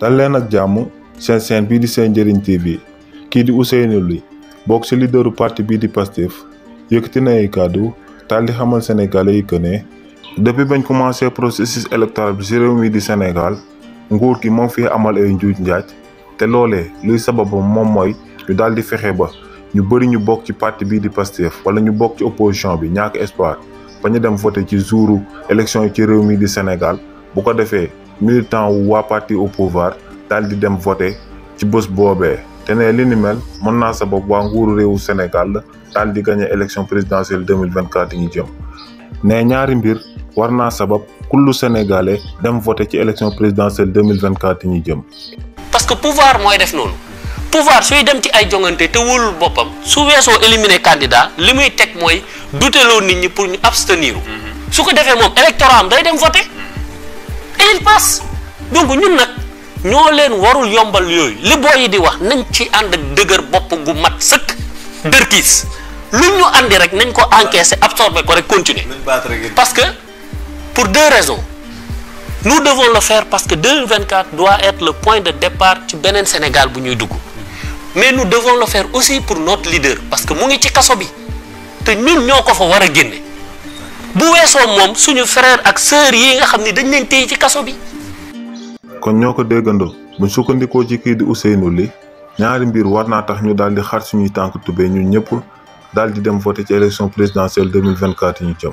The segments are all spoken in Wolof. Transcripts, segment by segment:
dal leen ak jàmm seen seen bii di seen njëriñ bi kii di Ousseynou Ly bokk ci leaderu parti bii di Pastef yëkkati na ay kàddu daal di xamal sénégalais yi que ne depuis bañ commencé processus électoral bi ci réew mi di Sénégal nguur gi moom fi amal ay njuuj njaaj te loolee luy sababam moom mooy ñu daal di fexe ba ñu bëri ñu bokk ci parti bii di Pastef wala ñu bokk ci opposition bi ñàkk espoir ba ñu dem voté ci jouru élection yi ci réew mi di Sénégal bu ko defee. Militants ou waa parti au pouvoir daal di dem voter ci bés boobee té né li ni mel mën naa sabab waa nguuru réewu Sénégal daal di gagné élection présidentielle 2024 ni Djom. quatre ñu jëm ne ñaari mbir warna sabab kullu sénégalais dem voter ci élection présidentielle 2024 ni Djom. ñu jëm. parce que pouvoir moy def nonou pouvoir suy dem ci ay jonganté té wóolul bopam su weesoo éliminer candidat limuy muy moy mooy duteloo nit ñi pour ñu abstenir mm-hmm. su ko défé mom électorat am day dem voté. il passe donc ñun nag ñoo leen warul yombal yooyu li booy yi di wax nañ ci ànd ak dëgër bopp gu mat sëkk dërkiis lu ñu àndi rek nañ ko encaisser absorber ko rek continuer parce que pour deux raisons nous devons le faire parce que 2024 doit être le point de départ ci beneen Sénégal bu ñuy dugg mais nu devons le faire aussi pour not leader parce que mu ngi ci kaso bi te ñun ñoo ko fa war a génne bu weesoo moom suñu frère ak sœur yi nga xam ni dañ leen téye ci kaso bi. kon ñoo ko déggandoo buñ sukkandikoo ci kii di Ousseynou li ñaari mbir war naa tax ñu daal di xar suñuy tànk tubéy ñu ñëpp daal di dem voté ci élection présidentielle 2024 yi ñu jëm.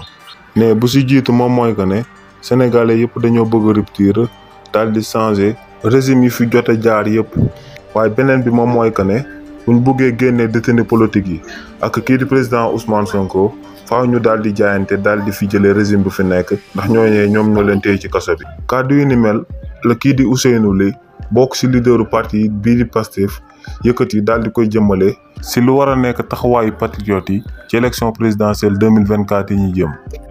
mais bu si jiitu moom mooy que ne sénégalais yëpp dañoo bëgg rupture daal di changé régime yi fi jote jaar yëpp waaye beneen bi moom mooy que ne buñ buggee génnee détenu politique yi ak kii di président Ousmane Sonko. faaw ñu daal di jaayante daal di fi jëlee régime bu fi nekk ndax ñooñee ñoom ñoo leen ci kaso bi. kàddu yi ni mel la kii di Ousseynou Ly bokk si leaderu parti bii di Pastef yi daal di koy jëmale si lu war a nekk taxawaayu patriote yi ci élection présidentielle 2024 yi ñu jëm.